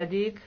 pedig